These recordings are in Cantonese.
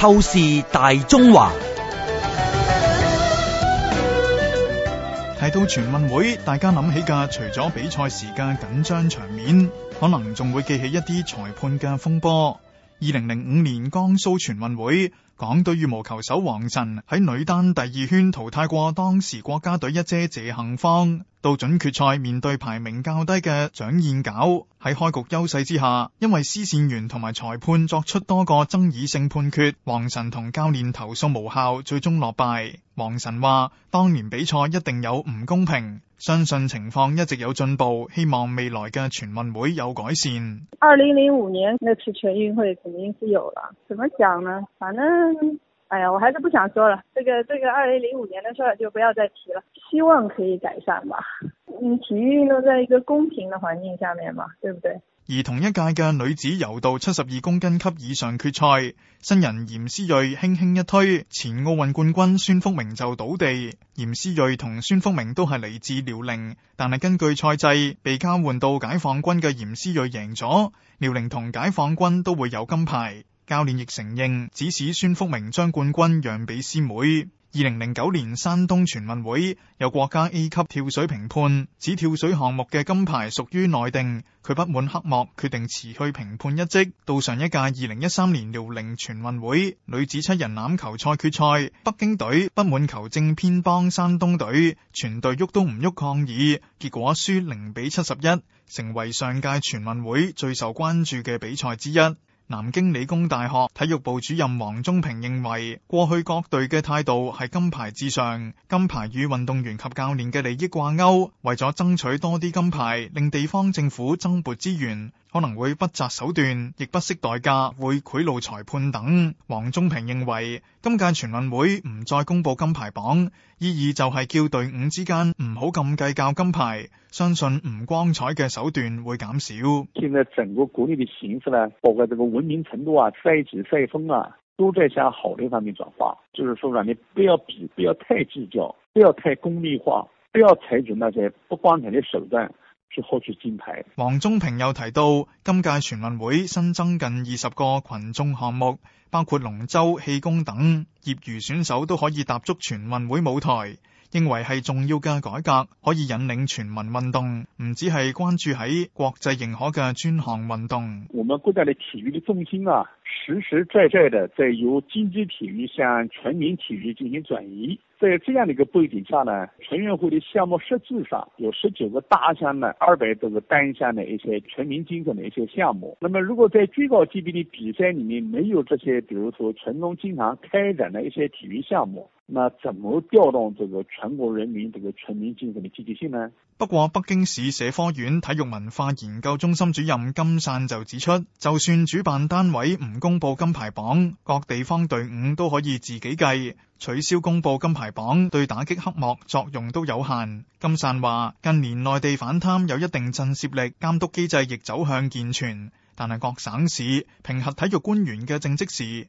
透視大中華，提到全運會，大家諗起噶除咗比賽時間緊張場面，可能仲會記起一啲裁判嘅風波。二零零五年江蘇全運會。港隊羽毛球手王晨喺女單第二圈淘汰過當時國家隊一姐謝杏芳，到準決賽面對排名較低嘅蔣燕皎。喺開局優勢之下，因為司線員同埋裁判作出多個爭議性判決，王晨同教練投訴無效，最終落敗。王晨話：當年比賽一定有唔公平，相信情況一直有進步，希望未來嘅全運會有改善。二零零五年那次全運會肯定是有了，怎麼講呢？反正。哎呀，我還是不想說了。這個這個二零零五年的事兒就不要再提了。希望可以改善吧。嗯，體育運動在一個公平的環境下面嘛，對不對？而同一屆嘅女子柔道七十二公斤級以上決賽，新人嚴思睿輕輕一推，前奧運冠軍孫福明就倒地。嚴思睿同孫福明都係嚟自遼寧，但係根據賽制被交換到解放軍嘅嚴思睿贏咗，遼寧同解放軍都會有金牌。教練亦承認指使孫福明將冠軍讓俾師妹。二零零九年山東全運會有國家 A 級跳水評判指跳水項目嘅金牌屬於內定，佢不滿黑幕，決定辭去評判一職。到上一屆二零一三年遼寧全運會女子七人欖球賽決賽，北京隊不滿球證偏幫山東隊，全隊喐都唔喐抗議，結果輸零比七十一，成為上屆全運會最受關注嘅比賽之一。南京理工大學體育部主任王宗平認為，過去各隊嘅態度係金牌至上，金牌與運動員及教練嘅利益掛鈎，為咗爭取多啲金牌，令地方政府增撥資源。可能會不擇手段，亦不惜代價，會賄賂裁判等。黃忠平認為，今屆全運會唔再公布金牌榜，意義就係叫隊伍之間唔好咁計較金牌，相信唔光彩嘅手段會減少。現在整個國內嘅形勢呢，包括這個文明程度啊、賽制、賽風啊，都在向好的方面轉化。就是說，讓你不要比，不要太計較，不要太功利化，不要採取那些不光彩嘅手段。金牌。王宗平又提到，今屆全運會新增近二十個群眾項目，包括龍舟、氣功等，業餘選手都可以踏足全運會舞台。認為係重要嘅改革，可以引領全民運動，唔只係關注喺國際認可嘅專項運動。我們國家的體育的重心啊，實實在在的在由競技體育向全民體育進行轉移。在這樣的一個背景下呢，全運會的項目設置上有十九個大項的二百多個單項的一些全民精神的一些項目。那麼如果在最高級別嘅比賽裏面沒有這些，比如說，城中經常開展的一些體育項目。那怎麼調動這個全國人民這個全民精神的積極性呢？不過北京市社科院體育文化研究中心主任金汕就指出，就算主辦單位唔公布金牌榜，各地方隊伍都可以自己計，取消公布金牌榜對打擊黑幕作用都有限。金汕話，近年內地反貪有一定震懾力，監督機制亦走向健全，但係各省市評核體育官員嘅政績時，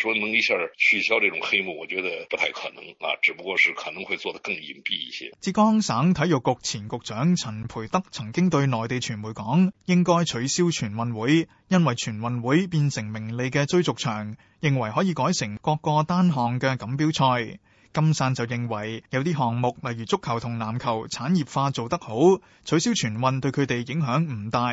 說能一下取消這種黑幕，我覺得不太可能啊，只不過是可能會做得更隱蔽一些。浙江省體育局前局長陳培德曾經對內地傳媒講，應該取消全運會，因為全運會變成名利嘅追逐場，認為可以改成各個單項嘅錦標賽。金山就認為，有啲項目，例如足球同籃球，產業化做得好，取消全運對佢哋影響唔大。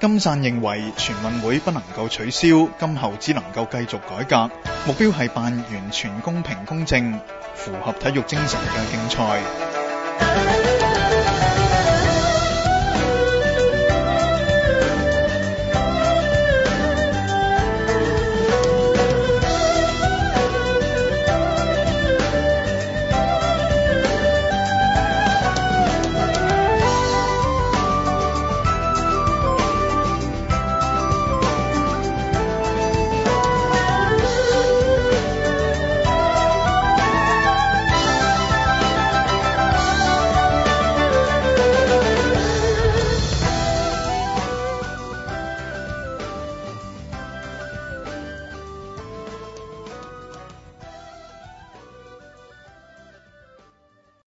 金散認為全運會不能夠取消，今後只能夠繼續改革，目標係辦完全公平、公正、符合體育精神嘅競賽。